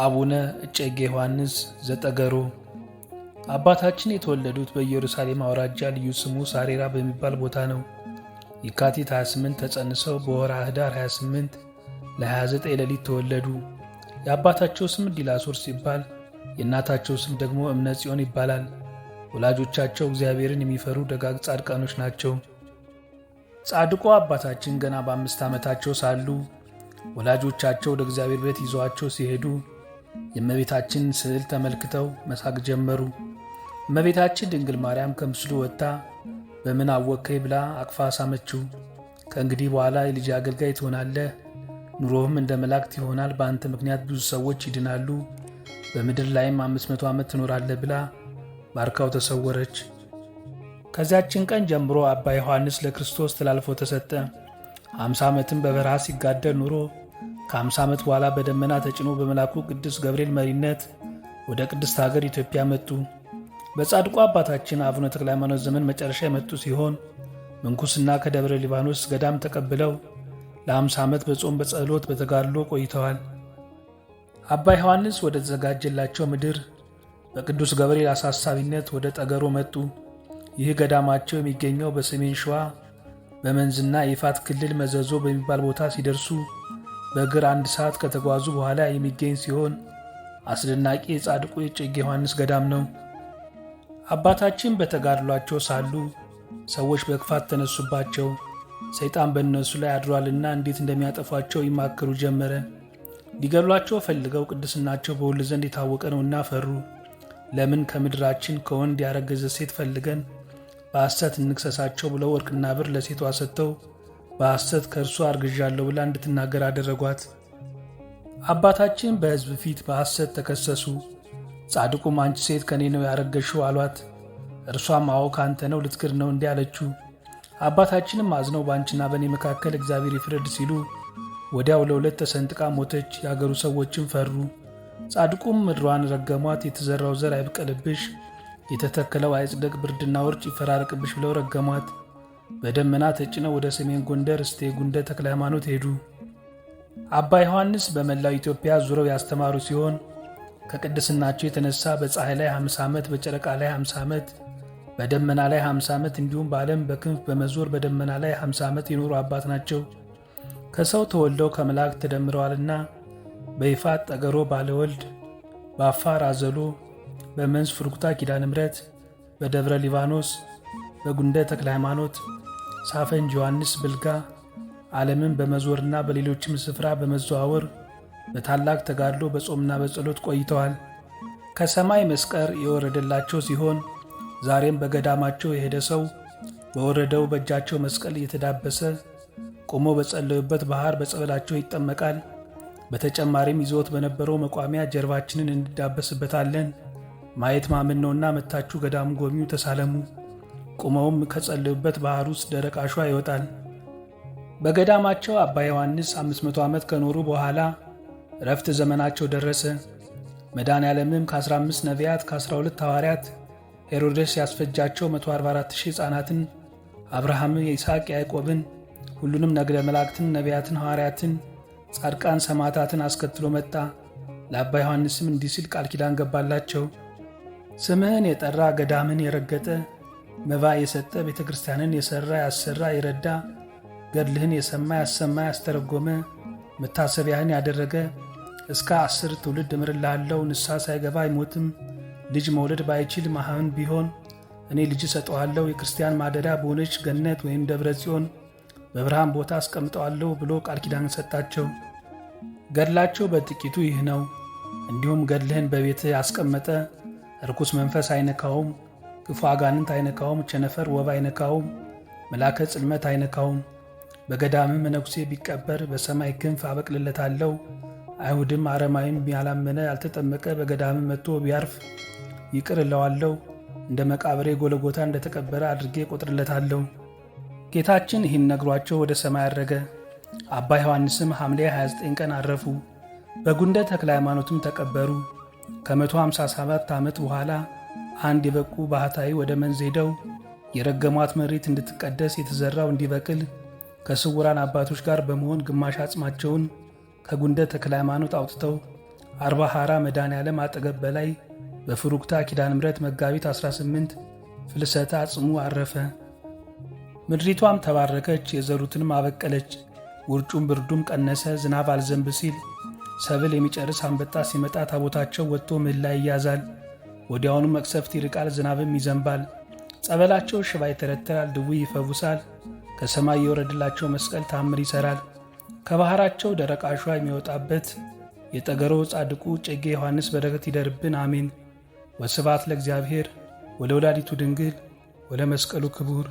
አቡነ እጨጌ ዮሐንስ ዘጠገሮ አባታችን የተወለዱት በኢየሩሳሌም አውራጃ ልዩ ስሙ ሳሬራ በሚባል ቦታ ነው። የካቲት 28 ተጸንሰው በወራ አህዳር 28 ለ29 ሌሊት ተወለዱ። የአባታቸው ስም ዲላሶር ሲባል የእናታቸው ስም ደግሞ እምነት ጽዮን ይባላል። ወላጆቻቸው እግዚአብሔርን የሚፈሩ ደጋግ ጻድቃኖች ናቸው። ጻድቆ አባታችን ገና በአምስት ዓመታቸው ሳሉ ወላጆቻቸው ወደ እግዚአብሔር ቤት ይዘዋቸው ሲሄዱ የእመቤታችን ስዕል ተመልክተው መሳቅ ጀመሩ። እመቤታችን ድንግል ማርያም ከምስሉ ወጥታ በምን አወከኝ ብላ አቅፋ ሳመችው። ከእንግዲህ በኋላ የልጅ አገልጋይ ትሆናለህ፣ ኑሮህም እንደ መላእክት ይሆናል፣ በአንተ ምክንያት ብዙ ሰዎች ይድናሉ፣ በምድር ላይም አምስት መቶ ዓመት ትኖራለህ ብላ ባርካው ተሰወረች። ከዚያችን ቀን ጀምሮ አባ ዮሐንስ ለክርስቶስ ተላልፎ ተሰጠ። አምሳ ዓመትም በበረሃ ሲጋደል ኑሮ ከአምሳ ዓመት በኋላ በደመና ተጭኖ በመላኩ ቅዱስ ገብርኤል መሪነት ወደ ቅድስት ሀገር ኢትዮጵያ መጡ። በጻድቁ አባታችን አቡነ ተክለ ሃይማኖት ዘመን መጨረሻ የመጡ ሲሆን ምንኩስና ከደብረ ሊባኖስ ገዳም ተቀብለው ለአምሳ ዓመት በጾም በጸሎት በተጋድሎ ቆይተዋል። አባ ዮሐንስ ወደ ተዘጋጀላቸው ምድር በቅዱስ ገብርኤል አሳሳቢነት ወደ ጠገሮ መጡ። ይህ ገዳማቸው የሚገኘው በሰሜን ሸዋ በመንዝና የይፋት ክልል መዘዞ በሚባል ቦታ ሲደርሱ በእግር አንድ ሰዓት ከተጓዙ በኋላ የሚገኝ ሲሆን አስደናቂ የጻድቁ የጭግ ዮሐንስ ገዳም ነው። አባታችን በተጋድሏቸው ሳሉ ሰዎች በክፋት ተነሱባቸው። ሰይጣን በእነሱ ላይ አድሯልና እንዴት እንደሚያጠፏቸው ይማክሩ ጀመረ። ሊገድሏቸው ፈልገው ቅድስናቸው በሁሉ ዘንድ የታወቀ ነውና ፈሩ። ለምን ከምድራችን ከወንድ ያረገዘ ሴት ፈልገን በሐሰት እንክሰሳቸው ብለው ወርቅና ብር ለሴቷ ሰጥተው በሐሰት ከእርሱ አርግዣለሁ ብላ እንድትናገር አደረጓት። አባታችን በሕዝብ ፊት በሐሰት ተከሰሱ። ጻድቁም አንቺ ሴት ከእኔ ነው ያረገሽው አሏት። እርሷም አዎ ካንተ ነው ልትክር ነው እንዲህ አለችው። አባታችንም አዝነው በአንቺና በእኔ መካከል እግዚአብሔር ይፍረድ ሲሉ ወዲያው ለሁለት ተሰንጥቃ ሞተች። የአገሩ ሰዎችም ፈሩ። ጻድቁም ምድሯን ረገሟት። የተዘራው ዘር አይብቀልብሽ፣ የተተከለው አይጽደቅ፣ ብርድና ውርጭ ይፈራረቅብሽ ብለው ረገሟት። በደመና ተጭነው ወደ ሰሜን ጎንደር እስቴ ጉንደ ተክለ ሃይማኖት ሄዱ። አባ ዮሐንስ በመላው ኢትዮጵያ ዙረው ያስተማሩ ሲሆን ከቅድስናቸው የተነሳ በፀሐይ ላይ 50 ዓመት፣ በጨረቃ ላይ 50 ዓመት፣ በደመና ላይ 50 ዓመት እንዲሁም በዓለም በክንፍ በመዞር በደመና ላይ 50 ዓመት የኖሩ አባት ናቸው። ከሰው ተወልደው ከመላእክት ተደምረዋልና በይፋት ጠገሮ ባለወልድ፣ በአፋር አዘሎ፣ በመንዝ ፍርኩታ ኪዳነ ምሕረት፣ በደብረ ሊባኖስ በጉንደ ተክለ ሃይማኖት፣ ሳፈን ዮሐንስ ብልጋ ዓለምን በመዞርና በሌሎችም ስፍራ በመዘዋወር በታላቅ ተጋድሎ በጾምና በጸሎት ቆይተዋል። ከሰማይ መስቀር የወረደላቸው ሲሆን ዛሬም በገዳማቸው የሄደ ሰው በወረደው በእጃቸው መስቀል እየተዳበሰ ቆሞ በጸለዩበት ባህር በጸበላቸው ይጠመቃል። በተጨማሪም ይዞት በነበረው መቋሚያ ጀርባችንን እንዳበስበታለን። ማየት ማመን ነውና መታችሁ ገዳም ጎብኙ፣ ተሳለሙ። ቁመውም ከጸልዩበት ባህር ውስጥ ደረቅ አሸዋ ይወጣል። በገዳማቸው አባ ዮሐንስ 500 ዓመት ከኖሩ በኋላ እረፍት ዘመናቸው ደረሰ። መድኃኔ ዓለምም ከ15 ነቢያት ከ12 ሐዋርያት ሄሮድስ ያስፈጃቸው 144,000 ሕፃናትን አብርሃም፣ የይስሐቅ፣ ያዕቆብን ሁሉንም ነግደ መላእክትን፣ ነቢያትን፣ ሐዋርያትን፣ ጻድቃን፣ ሰማዕታትን አስከትሎ መጣ። ለአባ ዮሐንስም እንዲህ ሲል ቃል ኪዳን ገባላቸው። ስምህን የጠራ ገዳምን የረገጠ መባ የሰጠ ቤተ ክርስቲያንን የሠራ ያሰራ የረዳ ገድልህን የሰማ ያሰማ ያስተረጎመ መታሰቢያህን ያደረገ እስከ አስር ትውልድ እምርልሃለሁ ንስሐ ሳይገባ አይሞትም ልጅ መውለድ ባይችል መሃን ቢሆን እኔ ልጅ ሰጠዋለሁ የክርስቲያን ማደሪያ በሆነች ገነት ወይም ደብረ ጽዮን በብርሃን ቦታ አስቀምጠዋለሁ ብሎ ቃል ኪዳን ሰጣቸው። ገድላቸው በጥቂቱ ይህ ነው። እንዲሁም ገድልህን በቤትህ ያስቀመጠ ርኩስ መንፈስ አይነካውም ክፉ አጋንንት አይነካውም፣ ቸነፈር ወብ አይነካውም፣ መላከ ጽልመት አይነካውም። በገዳምም መነኩሴ ቢቀበር በሰማይ ክንፍ አበቅልለታለሁ። አይሁድም አረማዊም ያላመነ ያልተጠመቀ በገዳምም መጥቶ ቢያርፍ ይቅር እለዋለሁ። እንደ መቃብሬ ጎለጎታ እንደተቀበረ አድርጌ ቆጥርለታለሁ። ጌታችን ይህን ነግሯቸው ወደ ሰማይ አረገ። አባ ዮሐንስም ሐምሌ 29 ቀን አረፉ። በጉንደ ተክለ ሃይማኖትም ተቀበሩ። ከ157 ዓመት በኋላ አንድ የበቁ ባህታዊ ወደ መንዝ ሄደው የረገሟት መሬት እንድትቀደስ የተዘራው እንዲበቅል ከስውራን አባቶች ጋር በመሆን ግማሽ አጽማቸውን ከጉንደ ተክለ ሃይማኖት አውጥተው አርባ ሐራ መድኃኔ ዓለም አጠገብ በላይ በፍሩክታ ኪዳን ምረት መጋቢት 18 ፍልሰተ አጽሙ አረፈ። ምድሪቷም ተባረከች፣ የዘሩትንም አበቀለች። ውርጩም ብርዱም ቀነሰ። ዝናብ አልዘንብ ሲል ሰብል የሚጨርስ አንበጣ ሲመጣ ታቦታቸው ወጥቶ ምህላ ይያዛል። ወዲያውኑ መቅሰፍት ይርቃል፣ ዝናብም ይዘንባል። ጸበላቸው ሽባ ይተረትራል፣ ድውይ ይፈውሳል። ከሰማይ የወረድላቸው መስቀል ታምር ይሰራል። ከባህራቸው ደረቅ አሸዋ የሚወጣበት የጠገሮ ጻድቁ ጨጌ ዮሐንስ በረከት ይደርብን፣ አሜን። ወስብሐት ለእግዚአብሔር ወለወላዲቱ ድንግል ወለመስቀሉ ክቡር